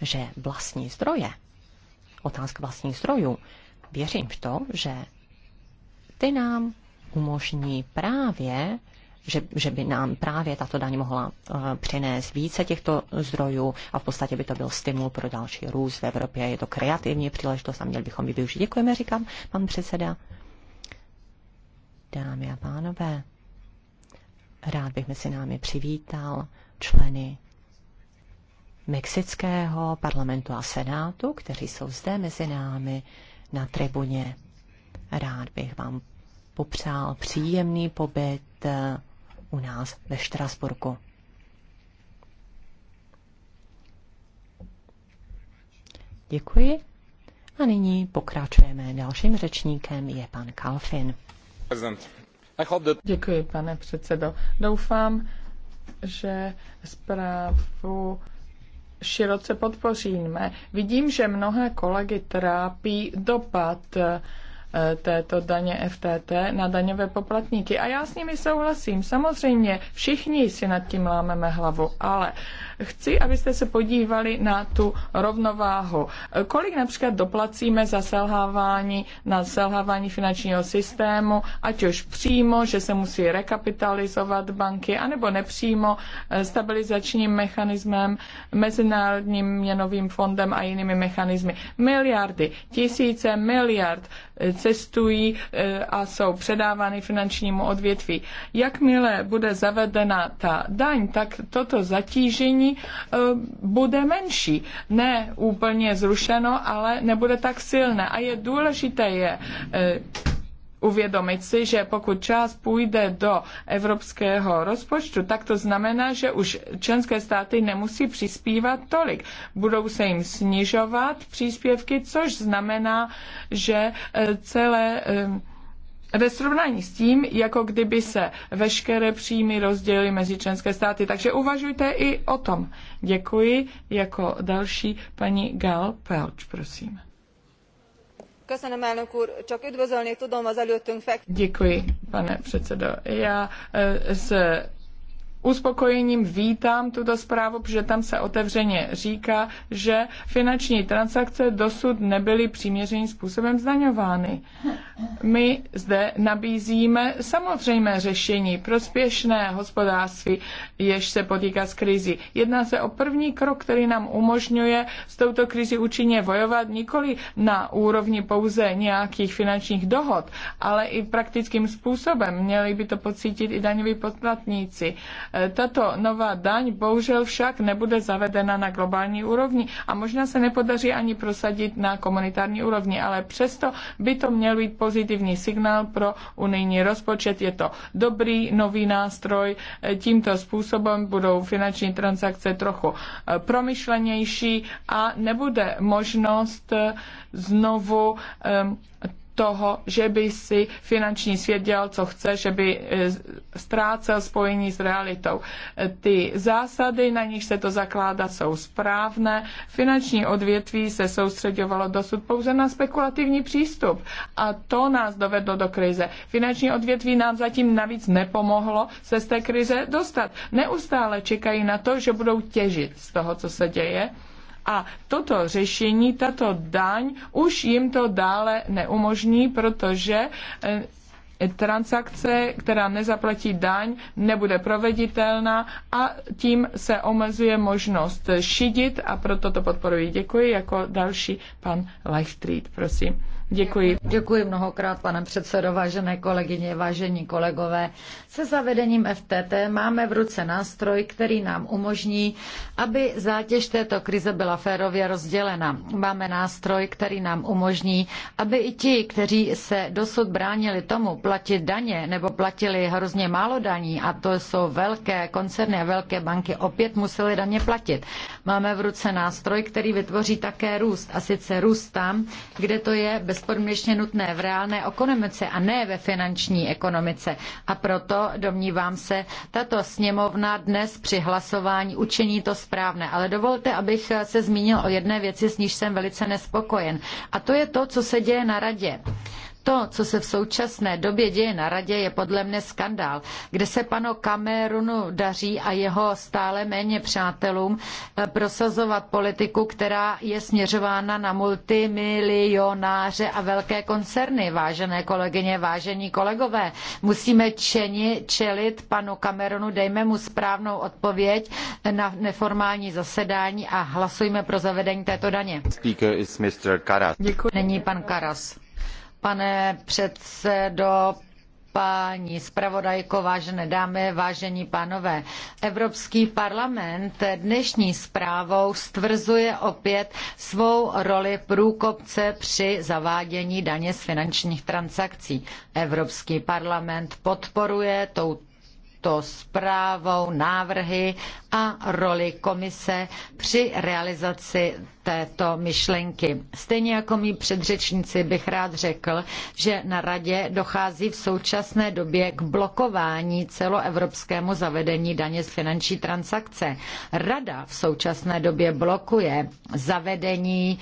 že vlastní zdroje, otázka vlastních zdrojů, věřím v to, že ty nám umožní právě že, že by nám právě tato daň mohla uh, přinést více těchto zdrojů a v podstatě by to byl stimul pro další růst v Evropě. Je to kreativní příležitost a měli bychom ji využít. Děkujeme, říkám pan předseda. Dámy a pánové, rád bych mezi námi přivítal členy mexického parlamentu a senátu, kteří jsou zde mezi námi na tribuně. Rád bych vám popřál příjemný pobyt eh, u nás ve Štrasburku. Děkuji. A nyní pokračujeme. Dalším řečníkem je pan Kalfin. Děkuji, pane předsedo. Doufám, že zprávu široce podpoříme. Vidím, že mnohé kolegy trápí dopad Eh, této daně FTT na daňové poplatníky. A já s nimi souhlasím. Samozřejmě všichni si nad tím lámeme hlavu, ale chci, abyste se podívali na tu rovnováhu. Eh, kolik například doplacíme za selhávání na selhávání finančního systému, ať už přímo, že se musí rekapitalizovat banky, anebo nepřímo eh, stabilizačním mechanismem, mezinárodním měnovým fondem a jinými mechanismy. Miliardy, tisíce miliard cestují eh, a jsou předávány finančnímu odvětví. Jakmile bude zavedena ta daň, tak toto zatížení eh, bude menší. Ne úplně zrušeno, ale nebude tak silné. A je důležité je eh, uvědomit si, že pokud část půjde do evropského rozpočtu, tak to znamená, že už členské státy nemusí přispívat tolik. Budou se jim snižovat příspěvky, což znamená, že e, celé e, ve srovnání s tím, jako kdyby se veškeré příjmy rozdělily mezi členské státy. Takže uvažujte i o tom. Děkuji. Jako další paní Gal Pelč, prosím. Csak Děkuji, pane předsedo. Já eh, s uspokojením vítám tuto zprávu, protože tam se otevřeně říká, že finanční transakce dosud nebyly přiměřeným způsobem zdaňovány. My zde nabízíme samozřejmé řešení prospěšné hospodářství, jež se potýká s krizi. Jedná se o první krok, který nám umožňuje s touto krizi účinně vojovat nikoli na úrovni pouze nějakých finančních dohod, ale i praktickým způsobem. Měli by to pocítit i daňoví poplatníci tato nová daň bohužel však nebude zavedena na globální úrovni a možná se nepodaří ani prosadit na komunitární úrovni, ale přesto by to měl být pozitivní signál pro unijní rozpočet. Je to dobrý nový nástroj. Tímto způsobem budou finanční transakce trochu eh, promyšlenější a nebude možnost eh, znovu eh, toho, že by si finanční svět dělal, co chce, že by e, ztrácel spojení s realitou. E, ty zásady, na nich se to zakládá, jsou správné. Finanční odvětví se soustředovalo dosud pouze na spekulativní přístup a to nás dovedlo do krize. Finanční odvětví nám zatím navíc nepomohlo se z té krize dostat. Neustále čekají na to, že budou těžit z toho, co se děje a toto řešení, tato daň už jim to dále neumožní, protože eh, transakce, která nezaplatí daň, nebude proveditelná a tím se omezuje možnost šidit a proto to podporuji. Děkuji. Jako další pan Leichtried, prosím. Děkuji. Děkuji mnohokrát, pane předsedo, vážené kolegyně, vážení kolegové. Se zavedením FTT máme v ruce nástroj, který nám umožní, aby zátěž této krize byla férově rozdělena. Máme nástroj, který nám umožní, aby i ti, kteří se dosud bránili tomu platit daně nebo platili hrozně málo daní, a to jsou velké koncerny a velké banky, opět museli daně platit. Máme v ruce nástroj, který vytvoří také růst, a sice růst tam, kde to je bez bezpodmínečně nutné v reálné ekonomice a ne ve finanční ekonomice. A proto, domnívám se, tato sněmovna dnes při hlasování učiní to správné. Ale dovolte, abych se zmínil o jedné věci, s níž jsem velice nespokojen. A to je to, co se děje na radě. To, co se v současné době děje na radě, je podle mne skandál, kde se panu Camerunu daří a jeho stále méně přátelům eh, prosazovat politiku, která je směřována na multimilionáře a velké koncerny. Vážené kolegyně, vážení kolegové, musíme čeni, čelit panu Camerunu, dejme mu správnou odpověď na neformální zasedání a hlasujme pro zavedení této daně. Děkuji. Není pan Karas pane předsedo, paní zpravodajko, vážené dámy, vážení pánové. Evropský parlament dnešní zprávou stvrzuje opět svou roli průkopce při zavádění daně z finančních transakcí. Evropský parlament podporuje touto to zprávou, návrhy a roli komise při realizaci této myšlenky. Stejně jako mý předřečníci bych rád řekl, že na radě dochází v současné době k blokování celoevropskému zavedení daně z finanční transakce. Rada v současné době blokuje zavedení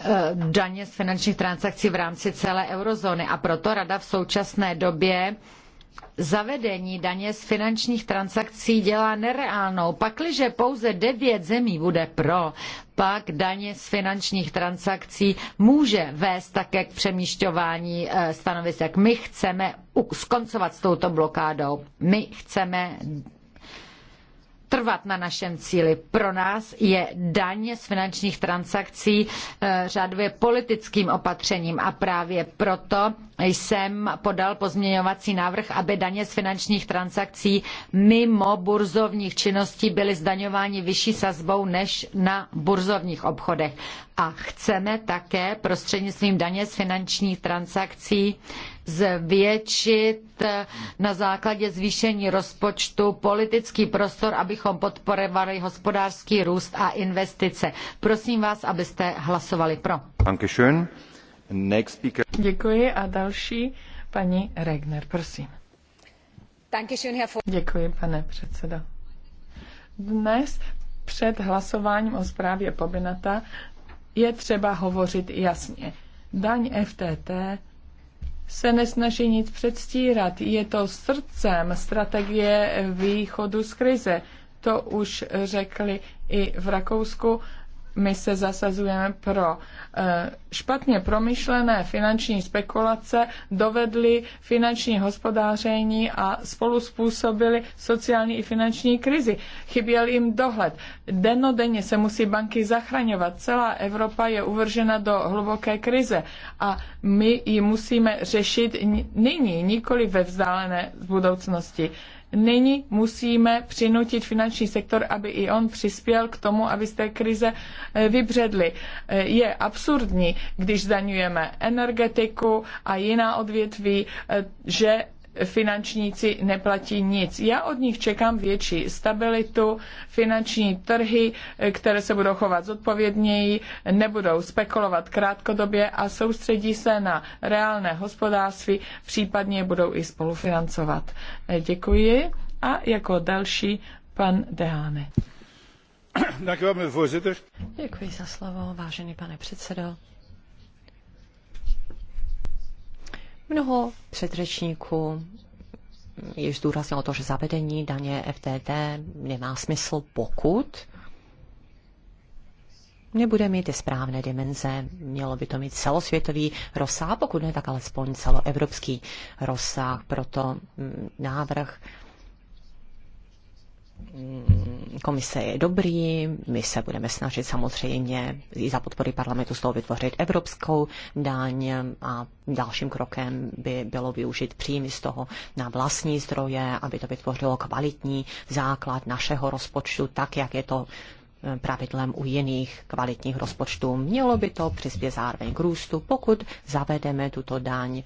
eh, daně z finančních transakcí v rámci celé eurozóny a proto rada v současné době zavedení daně z finančních transakcí dělá nereálnou. Pakliže pouze devět zemí bude pro, pak daně z finančních transakcí může vést také k přemýšťování eh, stanovisek. My chceme skoncovat s touto blokádou. My chceme trvat na našem cíli. Pro nás je daň z finančních transakcí eh, řádově politickým opatřením a právě proto jsem podal pozměňovací návrh, aby daně z finančních transakcí mimo burzovních činností byly zdaňovány vyšší sazbou než na burzovních obchodech a chceme také prostřednictvím daně z finančních transakcí zvětšit eh, na základě zvýšení rozpočtu politický prostor, abychom podporovali hospodářský růst a investice. Prosím vás, abyste hlasovali pro. Děkuji a další paní Regner, prosím. Děkuji, pane předsedo. Dnes před hlasováním o zprávě Pobinata je třeba hovořit jasně. Daň FTT se nesnaží nic předstírat. Je to srdcem strategie východu z krize. To už řekli i v Rakousku my se zasazujeme pro eh, špatně promyšlené finanční spekulace, dovedly finanční hospodáření a spolu způsobili sociální i finanční krizi. Chyběl jim dohled. Denodenně se musí banky zachraňovat. Celá Evropa je uvržena do hluboké krize a my ji musíme řešit nyní, nikoli ve vzdálené budoucnosti. Nyní musíme přinutit finanční sektor, aby i on přispěl k tomu, aby z té krize eh, vybředli. Eh, je absurdní, když zdaňujeme energetiku a jiná odvětví, eh, že finančníci neplatí nic. Já od nich čekám větší stabilitu, finanční trhy, které se budou chovat zodpovědněji, nebudou spekulovat krátkodobě a soustředí se na reálné hospodářství, případně budou i spolufinancovat. Děkuji a jako další pan Dehane. Děkuji za slovo, vážený pane předsedo. Mnoho předřečníků již zdůraznilo to, že zavedení daně FTT nemá smysl, pokud nebude mít ty správné dimenze. Mělo by to mít celosvětový rozsah, pokud ne, tak alespoň celoevropský rozsah. Proto mm, návrh komise je dobrý, my se budeme snažit samozřejmě i za podpory parlamentu z toho vytvořit evropskou daň a dalším krokem by bylo využít příjmy z toho na vlastní zdroje, aby to vytvořilo kvalitní základ našeho rozpočtu, tak jak je to eh, pravidlem u jiných kvalitních rozpočtů. Mělo by to přispět zároveň k růstu, pokud zavedeme tuto daň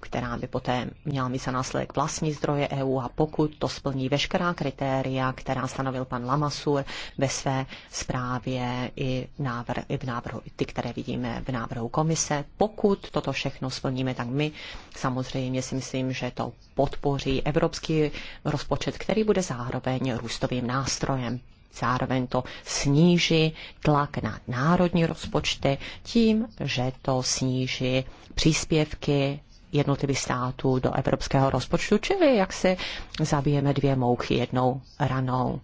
která by poté měla mít za následek vlastní zdroje EU a pokud to splní veškerá kritéria, která stanovil pan Lamasur ve své zprávě i, návr, i v návrhu, ty, které vidíme v návrhu komise, pokud toto všechno splníme, tak my samozřejmě si myslím, že to podpoří evropský rozpočet, který bude zároveň růstovým nástrojem zároveň to sníží tlak na národní rozpočty tím, že to sníží příspěvky jednotlivých států do evropského rozpočtu, čili jak se zabijeme dvě mouchy jednou ranou.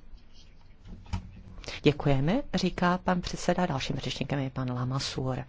Děkujeme, říká pan předseda. Dalším řečníkem je pan Lamasur.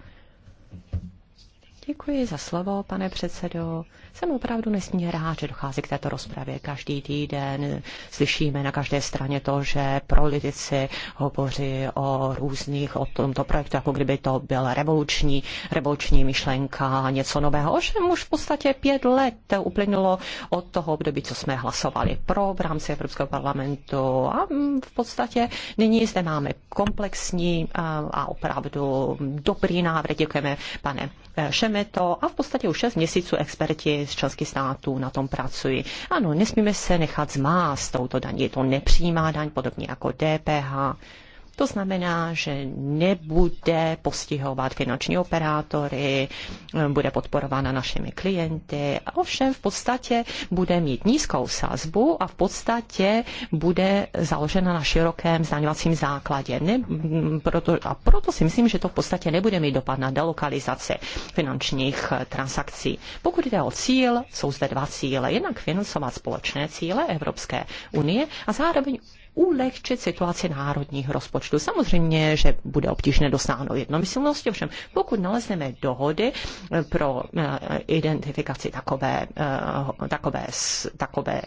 Děkuji za slovo, pane předsedo. Jsem opravdu nesmírně rád, že dochází k této rozpravě každý týden. Slyšíme na každé straně to, že politici hovoří o různých, o tomto projektu, jako kdyby to byla revoluční, revoluční myšlenka, něco nového. Ovšem už v podstatě pět let uplynulo od toho období, co jsme hlasovali pro v rámci Evropského parlamentu a v podstatě nyní zde máme komplexní a opravdu dobrý návrh. Děkujeme, pane Šemeto a v podstatě už 6 měsíců experti z členských států na tom pracují. Ano, nesmíme se nechat zmást touto daní. Je to nepřímá daň, podobně jako DPH to znamená, že nebude postihovat finanční operátory, bude podporována našimi klienty, a ovšem v podstatě bude mít nízkou sazbu a v podstatě bude založena na širokém zdaňovacím základě. Ne, proto, a proto si myslím, že to v podstatě nebude mít dopad na delokalizace finančních eh, transakcí. Pokud jde o cíl, jsou zde dva cíle. Jednak financovat společné cíle Evropské unie a zároveň ulehčit situaci národních rozpočtů. Samozřejmě, že bude obtížné dosáhnout jednomyslnosti, ovšem pokud nalezneme dohody eh, pro eh, identifikaci takové, eh, takové, takové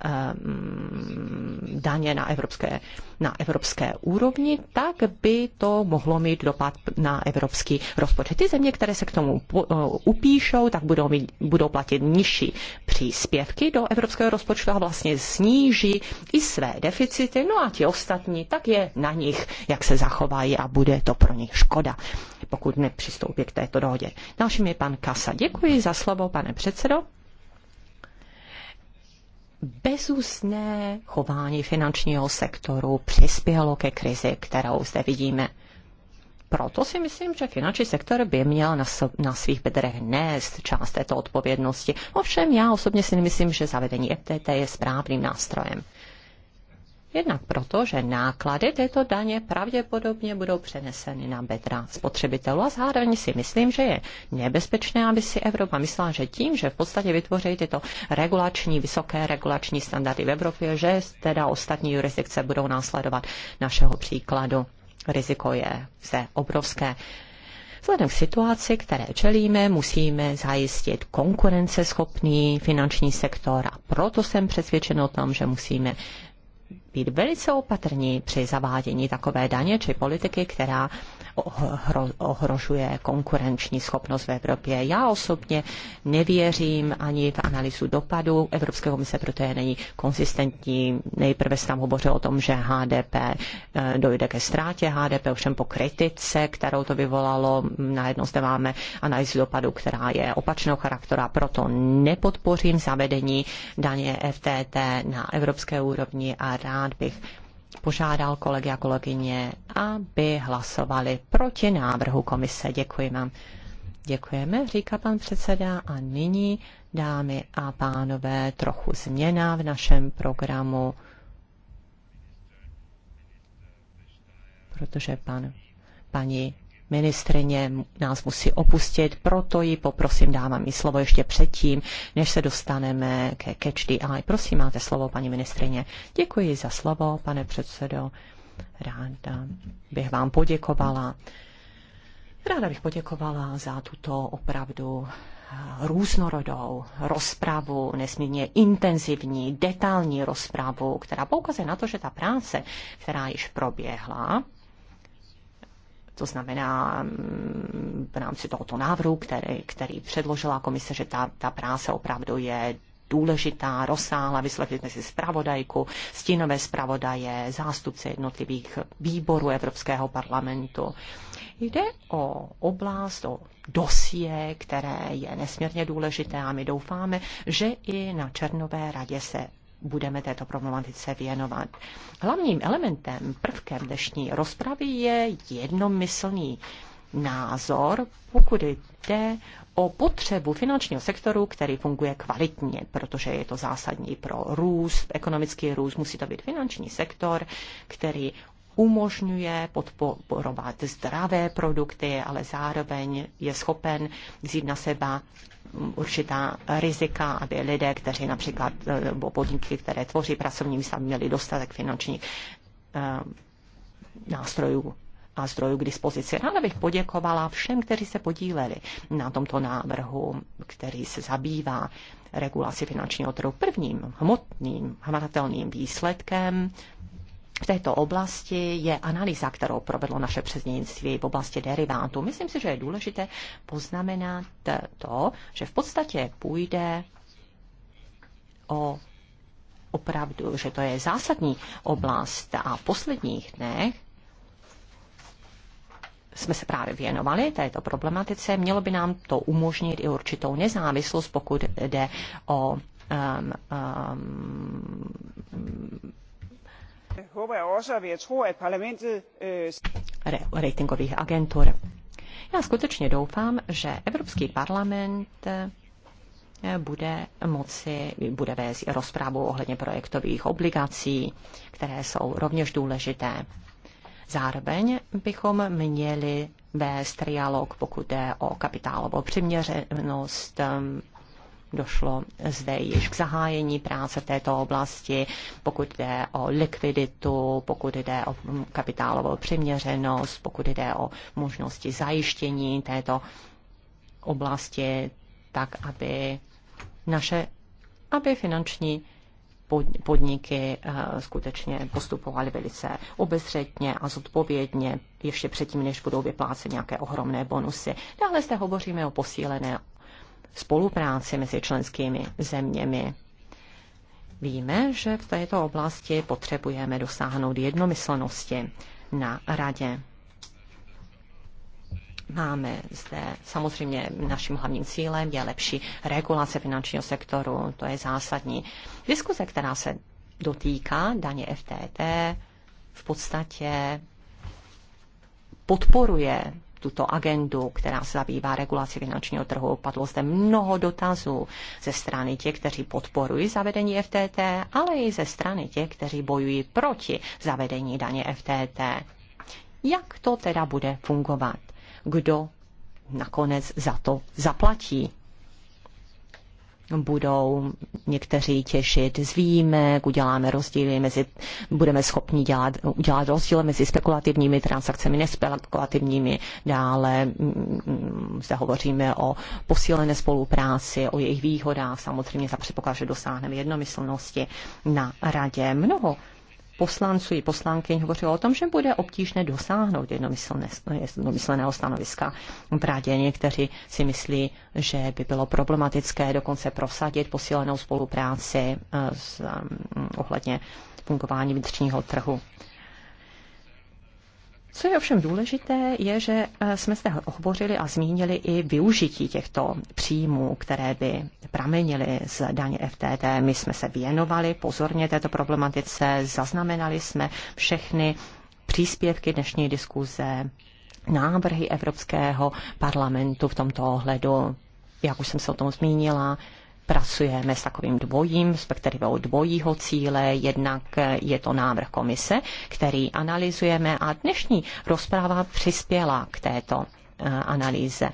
Ehm, daně na evropské, na evropské úrovni, tak by to mohlo mít dopad na evropský rozpočet. Ty země, které se k tomu eh, upíšou, tak budou, mít, budou platit nižší příspěvky do evropského rozpočtu a vlastně sníží i své deficity. No a ti ostatní, tak je na nich, jak se zachovají a bude to pro ně škoda, pokud nepřistoupí k této dohodě. Dalším je pan Kasa. Děkuji za slovo, pane předsedo bezúsné chování finančního sektoru přispělo ke krizi, kterou zde vidíme. Proto si myslím, že finanční sektor by měl na, svých bedrech nést část této odpovědnosti. Ovšem já osobně si nemyslím, že zavedení FTT je správným nástrojem. Jednak proto, že náklady této daně pravděpodobně budou přeneseny na bedra spotřebitelů a zároveň si myslím, že je nebezpečné, aby si Evropa myslela, že tím, že v podstatě vytvoří tyto regulační, vysoké regulační standardy v Evropě, že teda ostatní jurisdikce budou následovat našeho příkladu. Riziko je vše obrovské. Vzhledem k situaci, které čelíme, musíme zajistit konkurenceschopný finanční sektor a proto jsem přesvědčen o tom, že musíme být velice opatrní při zavádění takové daně či politiky, která ohrožuje konkurenční schopnost v Evropě. Já osobně nevěřím ani v analýzu dopadu Evropské komise, proto je není konzistentní. Nejprve se tam hovořil o tom, že HDP eh, dojde ke ztrátě HDP, ovšem po kritice, kterou to vyvolalo, najednou zde máme analýzu dopadu, která je opačného charakteru, proto nepodpořím zavedení daně FTT na evropské úrovni a rád bych požádal kolegy a kolegyně, aby hlasovali proti návrhu komise. Děkuji vám. Děkujeme, říká pan předseda. A nyní, dámy a pánové, trochu změna v našem programu, protože pan, paní ministrině nás musí opustit, proto ji poprosím, dávám jí slovo ještě předtím, než se dostaneme ke Catch the Eye. Prosím, máte slovo, paní ministrině. Děkuji za slovo, pane předsedo. Ráda bych vám poděkovala. Ráda bych poděkovala za tuto opravdu různorodou rozpravu, nesmírně intenzivní, detailní rozpravu, která poukazuje na to, že ta práce, která již proběhla, to znamená mm, v rámci tohoto návrhu, který, který předložila komise, že ta, ta práce opravdu je důležitá, rozsáhla. Vyslechli jsme si zpravodajku, stínové zpravodaje, zástupce jednotlivých výborů Evropského parlamentu. Jde o oblast, o dosie, které je nesmírně důležité a my doufáme, že i na Černové radě se budeme této problematice věnovat. Hlavním elementem, prvkem dnešní rozpravy je jednomyslný názor, pokud jde o potřebu finančního sektoru, který funguje kvalitně, protože je to zásadní pro růst, ekonomický růst, musí to být finanční sektor, který umožňuje podporovat zdravé produkty, ale zároveň je schopen vzít na seba určitá rizika, aby lidé, kteří například, nebo podniky, které tvoří pracovní místa, měli dostatek finančních eh, nástrojů a zdrojů k dispozici. Ráda bych poděkovala všem, kteří se podíleli na tomto návrhu, který se zabývá regulaci finančního trhu. Prvním hmotným, hmatatelným výsledkem v této oblasti je analýza, kterou provedlo naše přeznictví v oblasti derivátů. Myslím si, že je důležité poznamenat to, že v podstatě půjde o opravdu, že to je zásadní oblast a v posledních dnech jsme se právě věnovali této problematice. Mělo by nám to umožnit i určitou nezávislost, pokud jde o um, um, Re, ratingových agentur. Já skutečně doufám, že Evropský parlament eh, bude moci, bude vést rozprávu ohledně projektových obligací, které jsou rovněž důležité. Zároveň bychom měli vést trialog, pokud jde o kapitálovou přiměřenost, eh, došlo zde již k zahájení práce této oblasti, pokud jde o likviditu, pokud jde o kapitálovou přiměřenost, pokud jde o možnosti zajištění této oblasti, tak aby naše, aby finanční podniky eh, skutečně postupovaly velice obezřetně a zodpovědně ještě předtím, než budou vypláceny nějaké ohromné bonusy. Dále zde hovoříme o posílené spolupráci mezi členskými zeměmi. Víme, že v této oblasti potřebujeme dosáhnout jednomyslnosti na radě. Máme zde samozřejmě naším hlavním cílem je lepší regulace finančního sektoru, to je zásadní. Diskuze, která se dotýká daně FTT, v podstatě podporuje tuto agendu, která se zabývá regulací finančního trhu. Padlo zde mnoho dotazů ze strany těch, kteří podporují zavedení FTT, ale i ze strany těch, kteří bojují proti zavedení daně FTT. Jak to teda bude fungovat? Kdo nakonec za to zaplatí? budou někteří těšit z výjimek, uděláme rozdíly mezi, budeme schopni dělat, udělat rozdíly mezi spekulativními transakcemi, nespekulativními. Dále zde hovoříme o posílené spolupráci, o jejich výhodách, samozřejmě za předpoklad, že dosáhneme jednomyslnosti na radě. Mnoho poslanců i poslankyň hovořilo o tom, že bude obtížné dosáhnout jednomyslného stanoviska v rádě. Někteří si myslí, že by bylo problematické dokonce prosadit posílenou spolupráci eh, s, um, ohledně fungování vnitřního trhu. Co je ovšem důležité, je, že eh, jsme se ohovořili a zmínili i využití těchto příjmů, které by pramenily z daně FTT. My jsme se věnovali pozorně této problematice, zaznamenali jsme všechny příspěvky dnešní diskuze, návrhy Evropského parlamentu v tomto ohledu, jak už jsem se o tom zmínila, pracujeme s takovým dvojím, respektive dvojího cíle. Jednak je to návrh komise, který analyzujeme a dnešní rozpráva přispěla k této eh, analýze.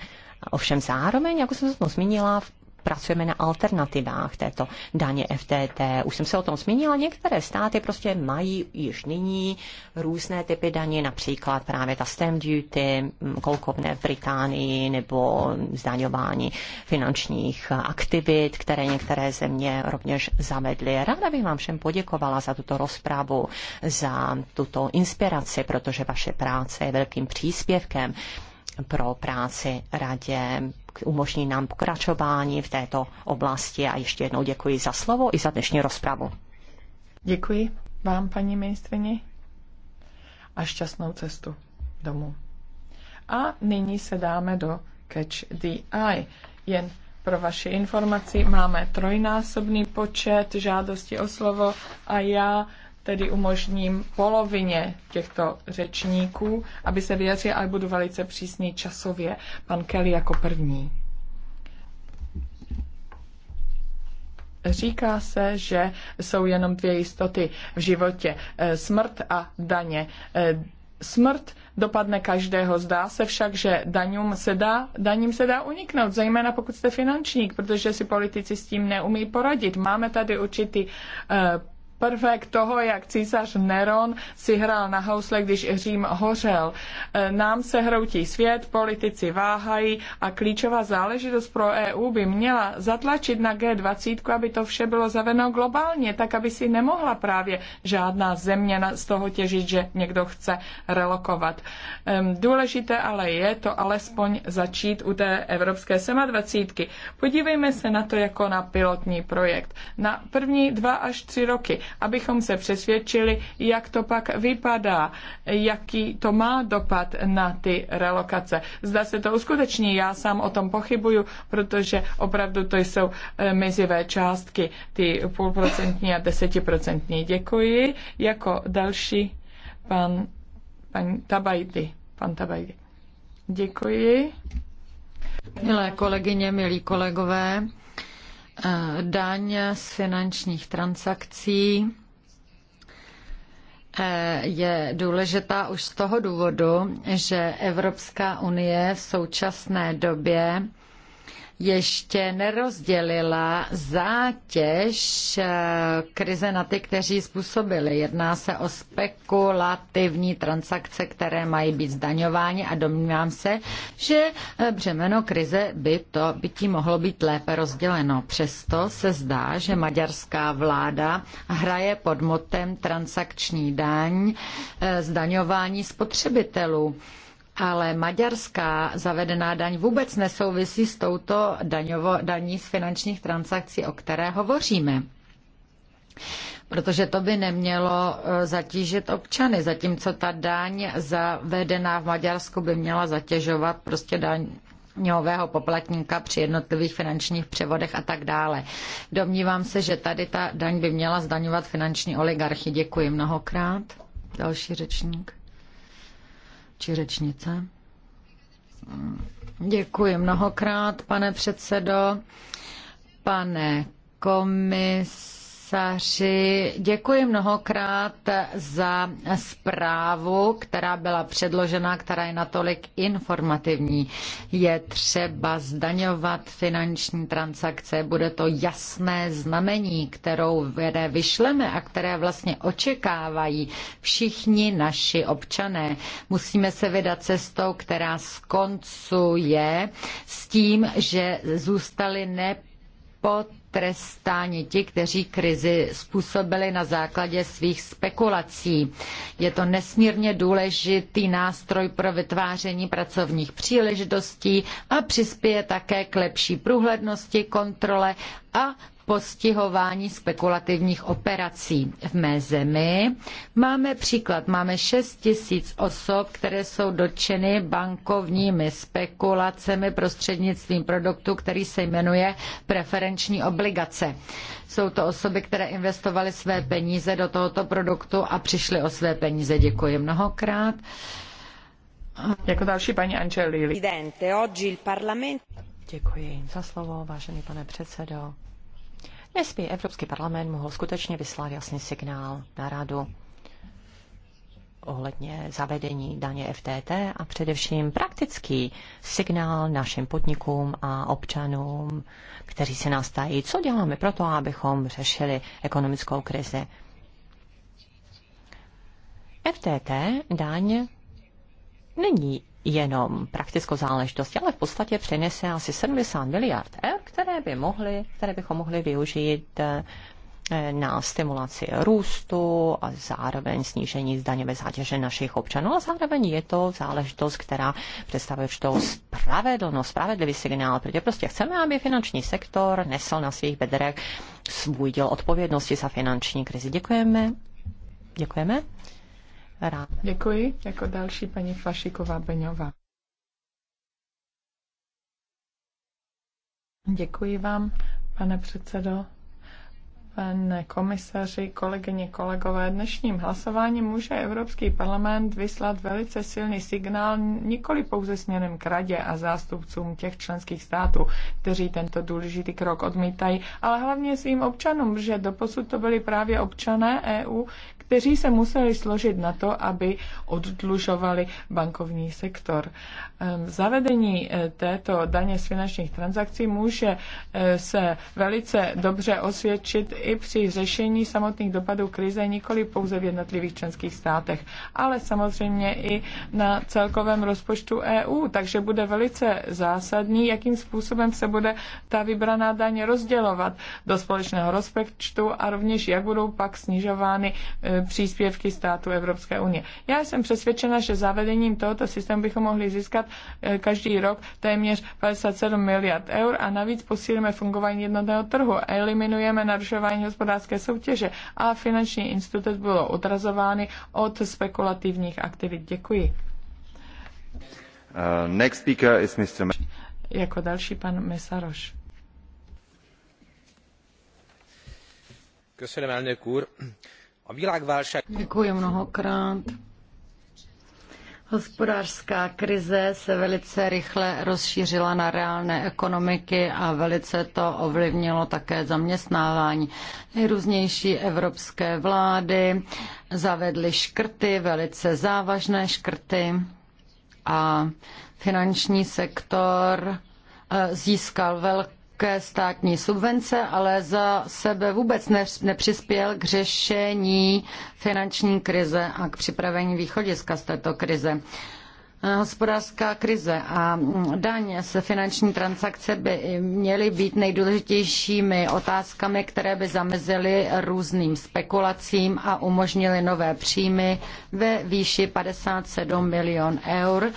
Ovšem zároveň, jak jsem se to zmínila, v pracujeme na alternativách této daně FTT. Už jsem se o tom zmínila, některé státy prostě mají již nyní různé typy daní, například právě ta stamp duty, mm, kolkovné v Británii nebo zdaňování finančních aktivit, které některé země rovněž zavedly. Ráda bych vám všem poděkovala za tuto rozpravu, za tuto inspiraci, protože vaše práce je velkým příspěvkem pro práci radě umožní nám pokračování v této oblasti. A ještě jednou děkuji za slovo i za dnešní rozpravu. Děkuji vám, paní ministrině, a šťastnou cestu domů. A nyní se dáme do Catch the Eye. Jen pro vaši informaci máme trojnásobný počet žádostí o slovo a já tedy umožním polovině těchto řečníků, aby se vyjadřili, ale budu velice přísný časově. Pan Kelly jako první. Říká se, že jsou jenom dvě jistoty v životě. E, smrt a daně. E, smrt dopadne každého. Zdá se však, že daním se dá, daním se dá uniknout, zejména pokud jste finančník, protože si politici s tím neumí poradit. Máme tady určitý e, prvek toho, jak císař Neron si hrál na housle, když Řím hořel. E, nám se hroutí svět, politici váhají a klíčová záležitost pro EU by měla zatlačit na G20, aby to vše bylo zaveno globálně, tak aby si nemohla právě žádná země z toho těžit, že někdo chce relokovat. E, důležité ale je to alespoň začít u té evropské sema20. Podívejme se na to jako na pilotní projekt. Na první dva až tři roky abychom se přesvědčili, jak to pak vypadá, jaký to má dopad na ty relokace. Zda se to uskuteční, já sám o tom pochybuju, protože opravdu to jsou eh, mizivé částky, ty půlprocentní a desetiprocentní. Děkuji. Jako další pan, pan Tabajdy. Pan Tabajdy. Děkuji. Milé kolegyně, milí kolegové, Eh, daň z finančních transakcí eh, je důležitá už z toho důvodu, že Evropská unie v současné době ještě nerozdělila zátěž eh, krize na ty, kteří způsobili. Jedná se o spekulativní transakce, které mají být zdaňovány a domnívám se, že eh, břemeno krize by to by tím mohlo být lépe rozděleno. Přesto se zdá, že maďarská vláda hraje pod motem transakční daň eh, zdaňování spotřebitelů ale maďarská zavedená daň vůbec nesouvisí s touto daňovo, daní z finančních transakcí, o které hovoříme. Protože to by nemělo e, zatížit občany, zatímco ta daň zavedená v Maďarsku by měla zatěžovat prostě daň daňového poplatníka při jednotlivých finančních převodech a tak dále. Domnívám se, že tady ta daň by měla zdaňovat finanční oligarchy. Děkuji mnohokrát. Další řečník či řečnice. Děkuji mnohokrát, pane předsedo, pane komis komisaři, děkuji mnohokrát za zprávu, která byla předložena, která je natolik informativní. Je třeba zdaňovat finanční transakce, bude to jasné znamení, kterou vede vyšleme a které vlastně očekávají všichni naši občané. Musíme se vydat cestou, která skoncuje s tím, že zůstaly ne potrestáni ti, kteří krizi způsobili na základě svých spekulací. Je to nesmírně důležitý nástroj pro vytváření pracovních příležitostí a přispěje také k lepší průhlednosti, kontrole a postihování spekulativních operací v mé zemi. Máme příklad, máme 6 tisíc osob, které jsou dotčeny bankovními spekulacemi prostřednictvím produktu, který se jmenuje preferenční obligace. Jsou to osoby, které investovaly své peníze do tohoto produktu a přišly o své peníze. Děkuji mnohokrát. Jako další paní Angelili. Děkuji za slovo, vážený pane předsedo. Dnes by Evropský parlament mohl skutečně vyslat jasný signál na radu ohledně zavedení daně FTT a především praktický signál našim podnikům a občanům, kteří se nás tají, co děláme pro to, abychom řešili ekonomickou krizi. FTT daň není jenom praktickou záležitost, ale v podstatě přinese asi 70 miliard eur, které, by mohli, které bychom mohli využít eh, na stimulaci růstu a zároveň snížení daňové zátěže našich občanů. A zároveň je to záležitost, která představuje určitou spravedlnost, spravedlivý signál, protože prostě chceme, aby finanční sektor nesl na svých bedrech svůj díl odpovědnosti za finanční krizi. Děkujeme. Děkujeme ráda. Děkuji. Jako další paní Flašiková Beňová. Děkuji vám, pane předsedo. Pane komisaři, kolegyně, kolegové, dnešním hlasováním může Evropský parlament vyslat velice silný signál nikoli pouze směrem k radě a zástupcům těch členských států, kteří tento důležitý krok odmítají, ale hlavně svým občanům, že doposud to byli právě občané EU, kteří se museli složit na to, aby oddlužovali bankovní sektor. Ehm, zavedení e, této daně z finančních transakcí může e, se velice dobře osvědčit i při řešení samotných dopadů krize nikoli pouze v jednotlivých členských státech, ale samozřejmě i na celkovém rozpočtu EU. Takže bude velice zásadní, jakým způsobem se bude ta vybraná daň rozdělovat do společného rozpočtu a rovněž jak budou pak snižovány e, Eh, příspěvky Státu Evropské unie. Já jsem přesvědčena, že zavedením tohoto systému bychom mohli získat eh, každý rok téměř 57 miliard eur a navíc posílíme fungování jednotného trhu, eliminujeme narušování hospodářské soutěže a finanční institut bylo odrazovány od spekulativních aktivit. Děkuji. Uh, next speaker is Mr. jako další pan Mesaroš. Köszönöm, elnök úr. Děkuji mnohokrát. Hospodářská krize se velice rychle rozšířila na reálné ekonomiky a velice to ovlivnilo také zaměstnávání. Nejrůznější evropské vlády zavedly škrty, velice závažné škrty a finanční sektor eh, získal velké vysoké státní subvence, ale za sebe vůbec nepřispěl k řešení finanční krize a k připravení východiska z této krize eh, hospodářská krize a mm, daně se finanční transakce by měly být nejdůležitějšími otázkami, které by zamezily různým spekulacím a umožnily nové příjmy ve výši 57 milion eur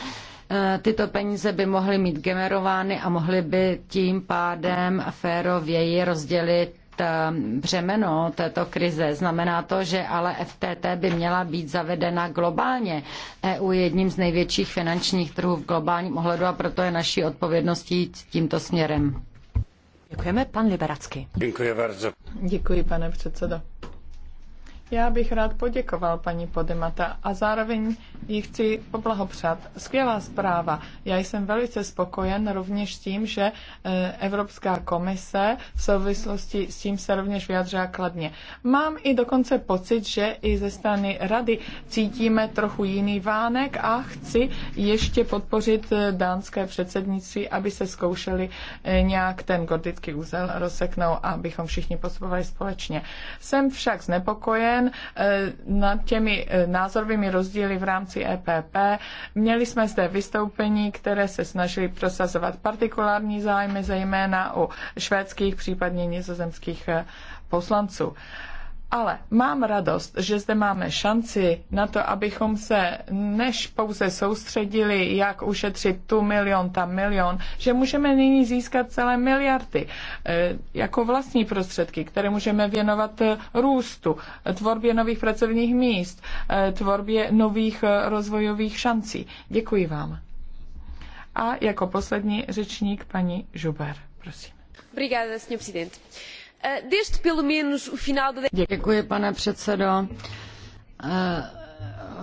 Eh, tyto peníze by mohly mít generovány a mohly by tím pádem férověji rozdělit eh, břemeno této krize. Znamená to, že ale FTT by měla být zavedena globálně. EU je jedním z největších finančních trhů v globálním ohledu a proto je naší odpovědností tímto směrem. Děkujeme, pan Liberacky. Děkuji bardzo. Děkuji, pane předsedo. Já bych rád poděkoval paní Podemata a zároveň jí chci poblahopřát. Skvělá zpráva. Já jsem velice spokojen rovněž tím, že e, Evropská komise v souvislosti s tím se rovněž vyjadřila kladně. Mám i dokonce pocit, že i ze strany rady cítíme trochu jiný vánek a chci ještě podpořit e, dánské předsednictví, aby se zkoušeli e, nějak ten gordický úzel rozseknout a abychom všichni postupovali společně. Jsem však znepokojen, den eh, nad těmi eh, názorovými rozdíly v rámci EPP. Měli jsme zde vystoupení, které se snažili prosazovat partikulární zájmy, zejména u švédských, případně nizozemských eh, poslanců. Ale mám radost, že zde máme šanci na to, abychom se než pouze soustředili, jak ušetřit tu milion, tam milion, že můžeme nyní získat celé miliardy eh, jako vlastní prostředky, které můžeme věnovat eh, růstu, tvorbě nových pracovních míst, eh, tvorbě nových rozvojových šancí. Děkuji vám. A jako poslední řečník paní Žuber, prosím. Obrigada, senhor presidente. Eh, pane předsedo. Eh,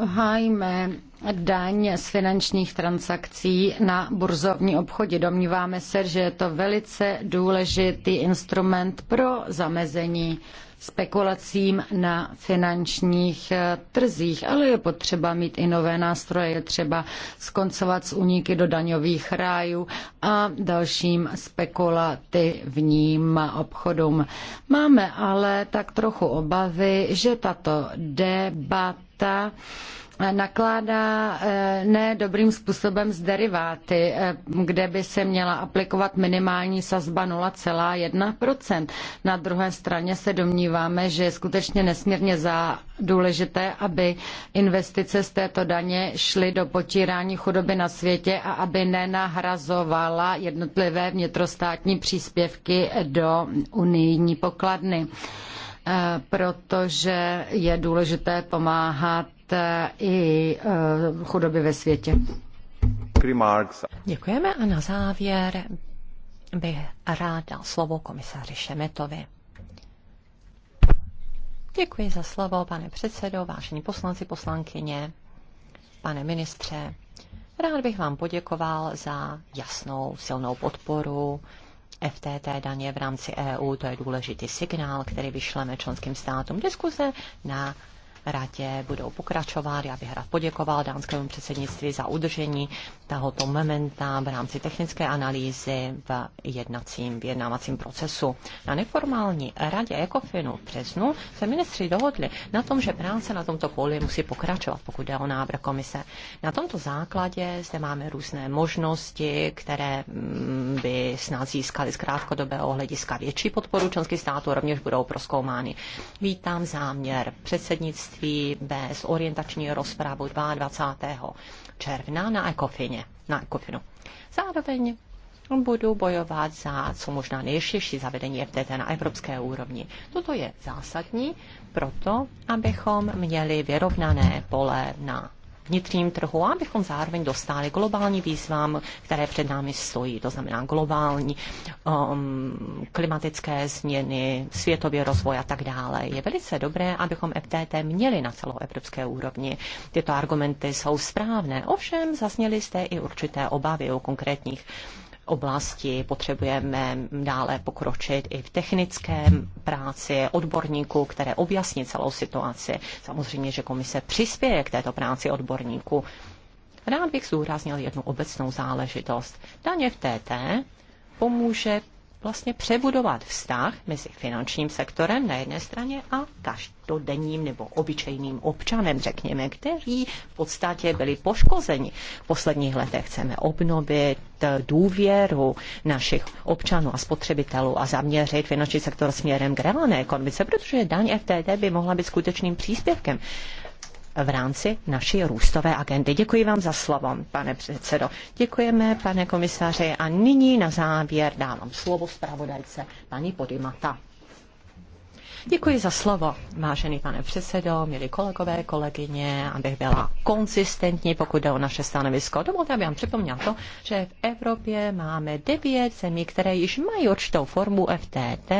hájíme daň z finančních transakcí na burzovní obchodě. Domníváme se, že je to velice důležitý instrument pro zamezení spekulacím na finančních eh, trzích, ale je potřeba mít i nové nástroje, je třeba skoncovat s úniky do daňových rájů a dalším spekulativním obchodům. Máme ale tak trochu obavy, že tato debata debata nakládá eh, ne dobrým způsobem s deriváty, eh, kde by se měla aplikovat minimální sazba 0,1%. Na druhé straně se domníváme, že je skutečně nesmírně za důležité, aby investice z této daně šly do potírání chudoby na světě a aby nenahrazovala jednotlivé vnitrostátní příspěvky do unijní pokladny eh, protože je důležité pomáhat E, i e, chudoby ve světě. Děkujeme a na závěr bych rád dal slovo komisaři Šemetovi. Děkuji za slovo, pane předsedo, vážení poslanci, poslankyně, pane ministře. Rád bych vám poděkoval za jasnou, silnou podporu FTT daně v rámci EU. To je důležitý signál, který vyšleme členským státům. Diskuze na radě budou pokračovat. Já bych rád poděkoval dánskému předsednictví za udržení tohoto momenta v rámci technické analýzy v jednacím vyjednávacím procesu. Na neformální radě ECOFINu v březnu se ministři dohodli na tom, že práce na tomto poli musí pokračovat, pokud jde o návrh komise. Na tomto základě zde máme různé možnosti, které mm, by snad získaly z krátkodobého hlediska větší podporu členských států, rovněž budou proskoumány. Vítám záměr předsednictví poradenství bez orientační rozpravu 22. června na Ekofině, na Ekofinu. Zároveň budu bojovat za co možná nejširší zavedení FTT na evropské úrovni. Toto je zásadní proto, abychom měli vyrovnané pole na vnitřním trhu, abychom zároveň dostali globální výzvám, které před námi stojí, to znamená globální um, klimatické změny, světový rozvoj a tak dále. Je velice dobré, abychom FTT měli na celoevropské úrovni. Tyto argumenty jsou správné, ovšem zasněli jste i určité obavy u konkrétních uh, oblasti potřebujeme dále pokročit i v technické práci odborníků, které objasní celou situaci. Samozřejmě, že komise přispěje k této práci odborníků. Rád bych zúraznil jednu obecnou záležitost. Daně v TT pomůže vlastně přebudovat vztah mezi finančním sektorem na jedné straně a každodenním nebo obyčejným občanem, řekněme, kteří v podstatě byli poškozeni. V posledních letech chceme obnovit důvěru našich občanů a spotřebitelů a zaměřit finanční sektor směrem k reálné ekonomice, protože daň FTT by mohla být skutečným příspěvkem v rámci naší růstové agendy. Děkuji vám za slovo, pane předsedo. Děkujeme, pane komisaři. A nyní na závěr dávám slovo zpravodajce paní Podimata. Děkuji za slovo, vážený pane předsedo, milí kolegové, kolegyně, abych byla konzistentní, pokud jde o naše stanovisko. Dovolte, abych vám připomněl to, že v Evropě máme devět zemí, které již mají určitou formu FTT,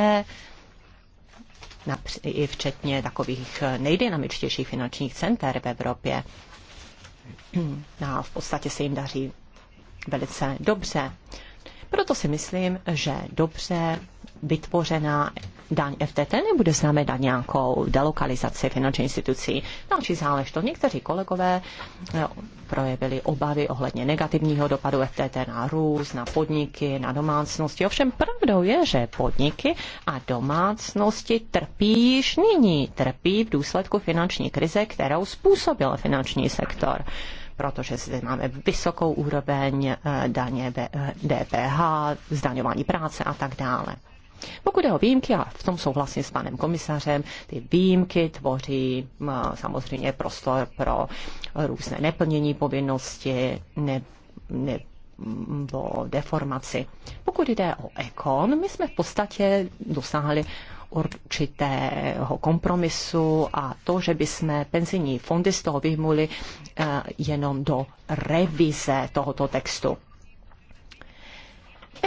i včetně takových eh, nejdynamičtějších finančních center v Evropě. A v podstatě se jim daří velice dobře. Proto si myslím, že dobře vytvořená daň FTT nebude znamenat nějakou delokalizaci finančních institucí. Další záležitost. Někteří kolegové eh, projevili obavy ohledně negativního dopadu FTT na růst, na podniky, na domácnosti. Ovšem pravdou je, že podniky a domácnosti trpí již nyní. Trpí v důsledku finanční krize, kterou způsobil finanční sektor protože zde máme vysokou úroveň eh, daně DPH, eh, zdaňování práce a tak dále. Pokud je o výjimky, a v tom souhlasím s panem komisařem, ty výjimky tvoří mm, samozřejmě prostor pro různé neplnění povinnosti ne, ne, nebo deformaci. Pokud jde o ekon, my jsme v podstatě dosáhli určitého kompromisu a to, že by jsme penzijní fondy z toho vyhmuli eh, jenom do revize tohoto textu.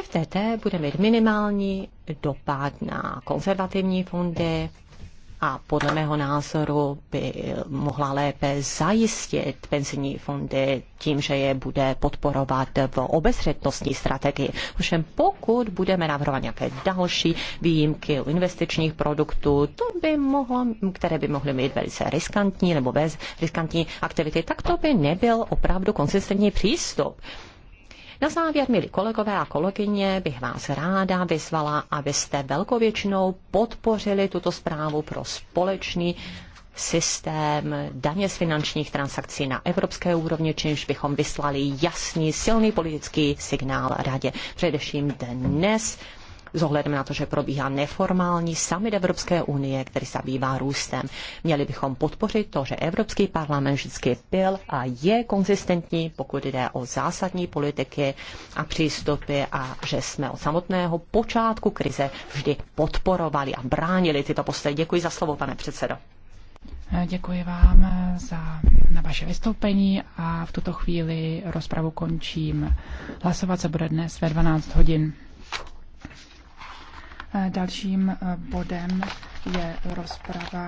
FTT bude mít minimální dopad na konzervativní fondy a podle mého názoru by mohla lépe zajistit penzijní fondy tím, že je bude podporovat v obezřetnostní strategii. Ovšem pokud budeme navrhovat nějaké další výjimky u investičních produktů, to by mohlo, které by mohly mít velice riskantní nebo bez riskantní aktivity, tak to by nebyl opravdu konsistentní přístup na závěr, milí kolegové a kolegyně, bych vás ráda vyzvala, abyste velkou většinou podpořili tuto zprávu pro společný systém daně z finančních transakcí na evropské úrovni, čímž bychom vyslali jasný, silný politický signál radě. Především dnes s ohledem na to, že probíhá neformální summit Evropské unie, který zabývá růstem. Měli bychom podpořit to, že Evropský parlament vždycky byl a je konzistentní, pokud jde o zásadní politiky a přístupy a že jsme od samotného počátku krize vždy podporovali a bránili tyto postoje. Děkuji za slovo, pane předsedo. Děkuji vám za na vaše vystoupení a v tuto chvíli rozpravu končím. Hlasovat se bude dnes ve 12 hodin. Dalším bodem je rozprava